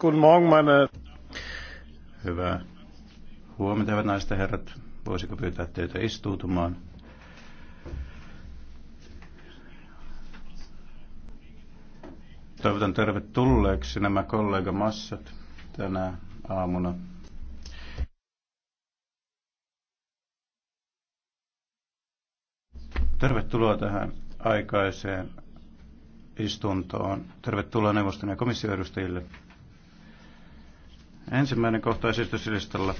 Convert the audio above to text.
Guten Morgen, meine... Hyvää huomenta, hyvät naiset ja herrat. Voisiko pyytää teitä istuutumaan? Toivotan tervetulleeksi nämä kollegamassat tänä aamuna. Tervetuloa tähän aikaiseen istuntoon. Tervetuloa neuvoston ja komission edustajille. Ensimmäinen kohta esityslistalla